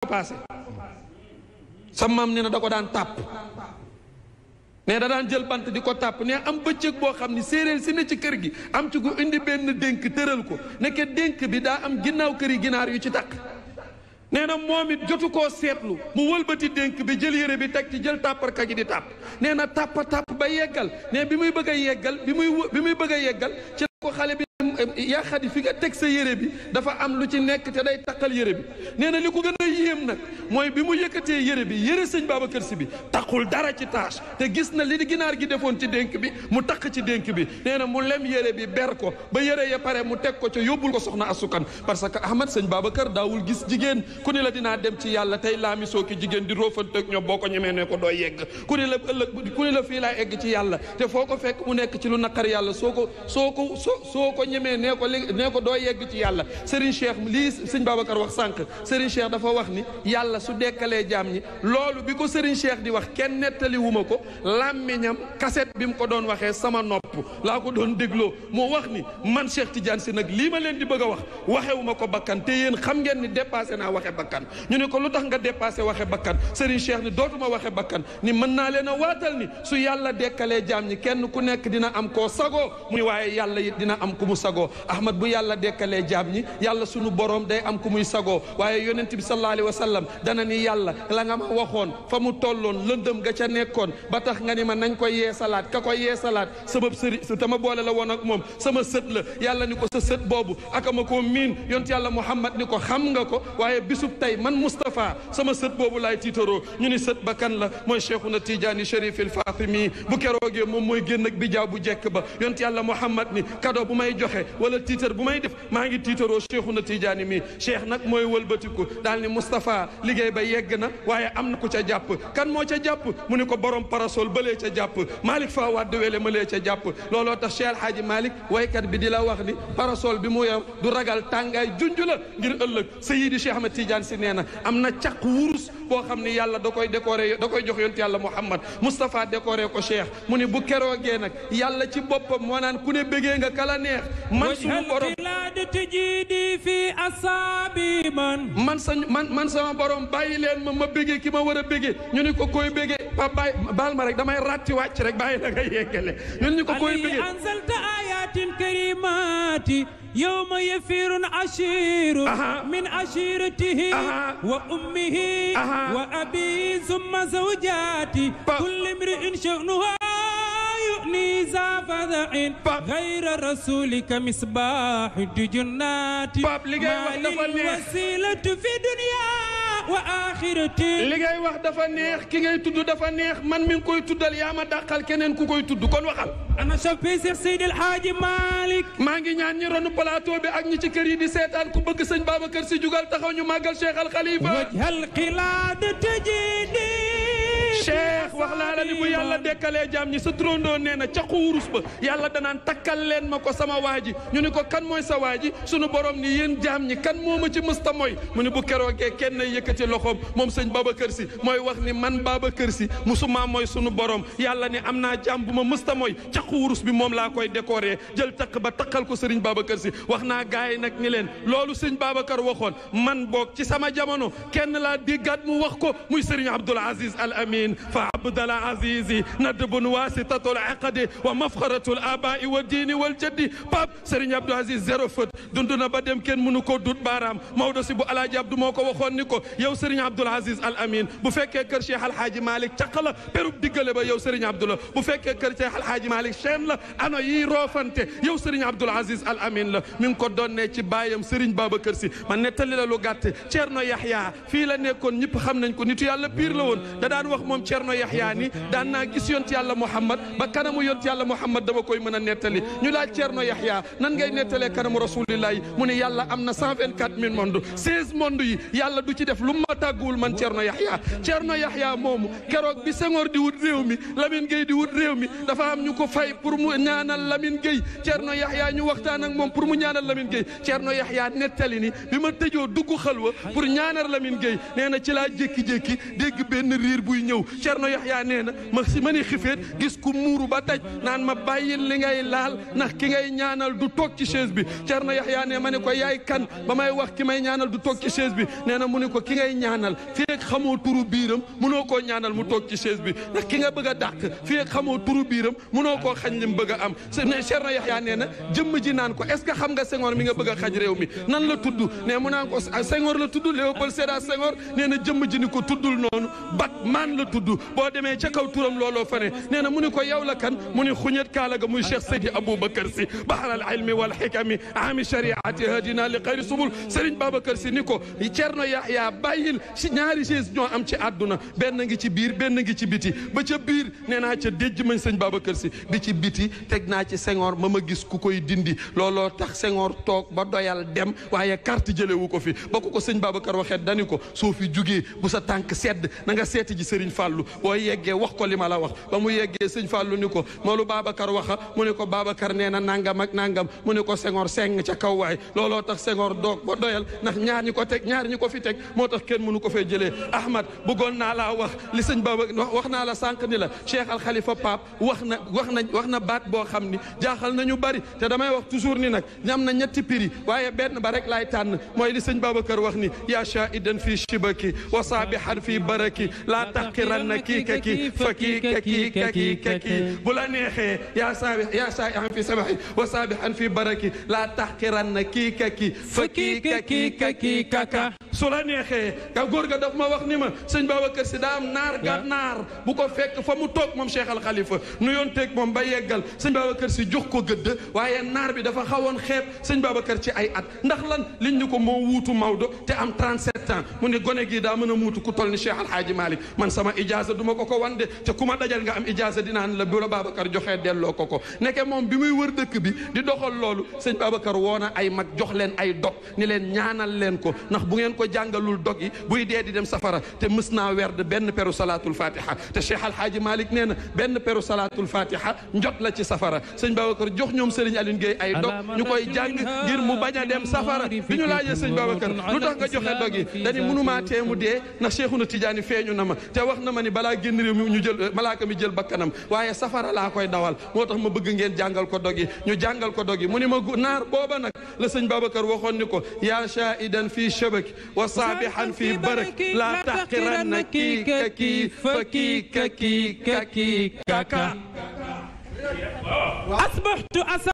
paase sa maam nee na da ko daan tàpp ne da daan jël bant di ko tàpp nee am bëccëg boo xam ni séeréer si ne ci kër gi am ci ko indi benn dénk tëral ko nekke dénk bi daa am ginnaaw kër yi ginaar yu ci takk nee na moom it jotu ko seetlu mu wëlbati dénk bi jël yére bi teg ci jël tàpparka ji di tàpp nee na tàppa tàpp ba yeggal ne bi muy bëgg a yeggal bi muy bi muy bëgg a yeggal ci ko xale bi yaa xadi fi nga teg sa yére bi dafa am lu ci nekk te day taqal yére bi nee na li ko gën a yéem nag mooy bi mu yëkkatee yére bi yére sëñ Babacar Si bi taqul dara ci tâche te gis na li di ginaar gi defoon ci dénk bi mu taq ci dénk bi nee na mu lem yére bi beer ko ba yére ya pare mu teg ko ca yóbbul ko soxna asukan parce que ahmad sëñ kër daawul gis jigéen ku ni la dinaa dem ci yàlla tey laami soo ki jigéen di róofanteeg ñoom boo ko ñemee ne ko doo yegg ku ni la ëllëg ku ni fii laa egg ci yàlla te ko fekk mu nekk ci lu naqar yàlla soo ñemee nee ko li nee ko doo yegg ci yàlla Serigne Cheikh lii sëñ Babacar wax sànq Serigne Cheikh dafa wax ni yàlla su dekkalee jaam ñi loolu bi ko Serigne Cheikh di wax kenn nettali ma ko làmmiñam kaset bi mu ko doon waxee sama nopp laa ko doon dégloo moo wax ni man Cheikh Tidiane si nag lii ma leen di bëgg a wax waxewu ko bakkan yéen xam ngeen ni dépassé naa waxe bakkan ñu ne ko lu tax nga dépassé waxe bakkan Serigne Cheikh ni dootuma waxe bakkan ni mën naa leen a waatal ni su yàlla dekkalee jaam ñi kenn ku nekk dina am koo sagoo muy waaye yàlla dina am ku mu sagoo ahmad bu yàlla dekkalee jaam ñi yàlla sunu boroom day am ku muy sagoo waaye yonent bi sallallahu alayhi wa sallam dana ni yàlla la nga ma waxoon fa mu tolloon lëndëm ga ca nekkoon ba tax nga ni ma nañ koy yeesalaat ka koy yeesalaat sama sëri dama boole la woon ak moom sama sët la yàlla ni ko sa sët boobu aka ma koo miin yonent yàlla muhammad ni ko xam nga ko waaye bisub tey man moustapha sama sët boobu laay tiitaroo ñu ni sët ba kan la mooy cheikhuna na chérif il fatimi bu keroogee moom mooy génn ak bijaaw bu jekk ba yonent yàlla muhammad ni kado bu may jox joxe wala tiitar bu may def maa ngi tiitaroo Cheikhuna Tidiane mi cheikh nag mooy wëlbatiku daal ni Moustapha liggéey ba yegg na waaye am na ku ca jàpp kan moo ca jàpp mu ni ko borom parasol balee ca jàpp Malick Fa Wade wele ma lee ca jàpp looloo tax Cheikh Alhaaji Malick waykat bi di la wax ni parasol bi mu yor du ragal tàngaay junj la ngir ëllëg sa Seydi Cheikh Ahmed Tidiane si nee nag am na caq wurus boo xam ni yàlla da koy décoré da koy jox yonent yàlla Muhammad Moustapha décoré ko cheikh mu ni bu keroogee yàlla ci boppam man sunu ma man sa man man sama borom bàyyi leen ma ma béggee ki ma war a ñu ni ko koy béggee ba bàyyi baal ma rek damay ratti wàcc rek bàyyi la nga yeggale ñu ni ko koy béggee anzalta ayatin karimati yawma yafirun ashiru min ashiratihi wa ummihi wa abi summa zawjati kulli imri'in sha'nuhu أبني ذا فذع غير رسولك مصباح الجنات ما للوسيلة في دنيا waaxirati li ngay wax dafa neex ki ngay tudd dafa neex man mi ngi koy tuddal yaa ma dàqal keneen ku koy tudd kon waxal. ana soppi Seex Seydi El Hadji Malick. maa ngi ñaan ñi ronu plateau bi ak ñi ci kër yi di seetaan ku bëgg sëñ Babacar Si jugal taxaw ñu màggal Cheikh Al Khalifa. wajhal xilaat tëjee cheikh wax naa la ni bu yàlla dekkalee jaam ñi sa turandoo nee na caqu wurus ba yàlla danaan takkal leen ma ko sama waa ji ñu ni ko kan mooy sa waa ji sunu borom ni yéen jaam ñi kan moo ma ci mësta mooy mu ni bu keroogee kenn yëkkati loxoom moom sëñ Babacar Si mooy wax ni man kër Si musuma mooy sunu borom yàlla ni am naa jaam bu ma mësta mooy caqu wurus bi moom laa koy décorer jël taq ba takkal ko sëriñ Babacar Si wax naa gars yi nag ni leen loolu sëñ Babacar waxoon man boog ci sama jamono kenn laa déggaat mu wax ko muy sëriñ Abdoul Aziz Al Amin عزيز فعبد العزيز ندب واسطة العقد ومفخرة الآباء والدين والجد باب Serigne Abdou Aziz zéro faute dund na ba dem kenn mënu ko dut baaraam Maodo si bu Alaaji Abdu moo ko waxoon ni ko yow Serigne Abdoul Aziz Al Amin bu fekkee kër Cheikh Alhaaji Malick caq la perub diggale ba yow Serigne Abdou la bu fekkee kër Cheikh Alhaaji Malick chaîne la ano yi roofante yow Al Amin la mi ngi ko doonne ci baayam Serigne Babacar Si man nettali la lu gàtt Ceerno Yaxya fii la nekkoon ñëpp xam nañ ko nitu yàlla piir la woon da daan wax moom moom Thierno Yaxya ni daan naa gis yont yàlla Muhammad ba kanamu yont yàlla Muhammad dama koy mën a nettali ñu laaj Thierno Yaxya nan ngay nettalee kanamu rasulillah yi mu ne yàlla am na 124000 monde 16 monde yi yàlla du ci def lu ma tàgguwul man Thierno Yaxya Thierno Yaxya moomu keroog bi Senghor di wut réew mi Lamine Gueye di wut réew mi dafa am ñu ko fay pour mu ñaanal Lamine Gueye Thierno Yaxya ñu waxtaan ak moom pour mu ñaanal Lamine Gueye Thierno Yaxya nettali ni bi ma tëjoo dugg xalwa pour ñaanal Lamine Gueye nee na ci laa jékki-jékki dégg benn riir buy ñëw Cerno Yaxya nee na ma si ma ni xiféet gis ku muuru ba daj naan ma bàyyil li ngay laal ndax ki ngay ñaanal du toog ci chaise bi Cerno Yaxya ne ma ne ko yaay kan ba may wax ki may ñaanal du toog ci chaise bi nee na mu ne ko ki ngay ñaanal feek xamoo turu biiram munoo koo ñaanal mu toog ci chaise bi ndax ki nga bëgg a dàq feek xamoo turu biiram munoo koo xañ lim bëgg a am Cerno Yaxya nee na jëmm ji naan ko est-ce que xam nga Senghor mi nga bëgg a xaj réew mi nan la tudd ne mu naan ko Senghor la tudd Léopold Sédar nee na jëmm ji ni ko tuddul noonu bat maan la tudd boo demee ca kaw turam looloo fa ne nee na mu ni ko yow la kan mu ni xuñat kaala ga muy Cheikh Seydi Aboubacar Sy bahar al ilmi wal xikami ami shariati hadina li xayri subul Serigne Babacar Sy ni ko Cerno Yahya bàyyil si ñaari chaise ñoo am ci àdduna benn ngi ci biir benn ngi ci biti ba ca biir nee naa ca déjj mañ sëñ Babacar Sy bi ci biti teg naa ci Senghor ma ma gis ku koy dindi looloo tax Senghor toog ba doyal dem waaye carte jëlewu ko fi ba ko ko sëñ Babacar waxee dani ko soo fi jugee bu fàllu boo yeggee wax ko li ma la wax ba mu yeggee sëñ fàllu ni ko moolu Babacar waxa mu ne ko Babacar nee na nangam ak nangam mu ne ko Senghor seng ca kaw waay looloo tax Senghor doog ba doyal ndax ñaar ñi ko teg ñaar ñi ko fi teg moo tax kenn nu ko fee jëlee Ahmad bëggoon naa la wax li sëñ Baba wax naa la sànq ni la Cheikh Al Khalifa Pape wax na wax na wax na baat boo xam ni jaaxal ñu bari te damay wax toujours ni nag ñam na ñetti prix waaye benn ba rek laay tànn mooy li sëñ Babacar wax ni yaa shaa'idan na kii ka kii fa kii ka kii ka kii ka kii bu la neexee yaa saabi yaa saabihan fi sabaxi wa saabihan fi baraki laa taxkiran na kii ka kii fa kii ka kii ka kii ka ka su la neexee ka góor ga daf ma wax ni ma sëñ Babacar Si daa am naar ga naar bu ko fekk fa mu toog moom Cheikh Al Khalifa nu yoon teeg moom ba yeggal sëñ Babacar Si jox ko gëdd waaye naar bi dafa xawoon xeet sëñ Babacar ci ay at ndax lan liñ ñu ko moo wuutu Maodo te am 37 ans mu ne gone gii daa mën a muutu ku toll ni Cheikh Al Hadji Malick man sama ijaasa duma ko ko wande te ku ma dajal nga am ijaasa dinaan la bu la Babacar joxee delloo ko ko nekke moom bi muy wër dëkk bi di doxal loolu sëñ Babacar woona ay mag jox leen ay dog ni leen ñaanal leen ko jàngalul dog yi buy dee di dem safara te mës naa werd benn peru salaatul fatiha te Cheikh Alhaaji Malick nee na benn peru salaatul fatiha njot la ci safara sëñ Babacar jox ñoom Serigne Aline Gueye ay dog ñu koy jàng ngir mu bañ a dem safara bi ñu laajee sëñ Babacar lu tax nga joxe dog yi dañu mënumaa tee mu dee ndax Cheikhuna Tidiane feeñu na ma te wax na ma ni balaa génn ñu jël malaaka mi jël bakkanam waaye safara laa koy dawal moo tax ma bëgg ngeen jàngal ko dog yi ñu jàngal ko dog yi mu ni ma naar booba nag la sëñ Babacar waxoon ni ko yaa shaidan fii shabaki وصابحا في برك لا تحقرن كي كي فكي كي كي كاكا أصبحت أصبحت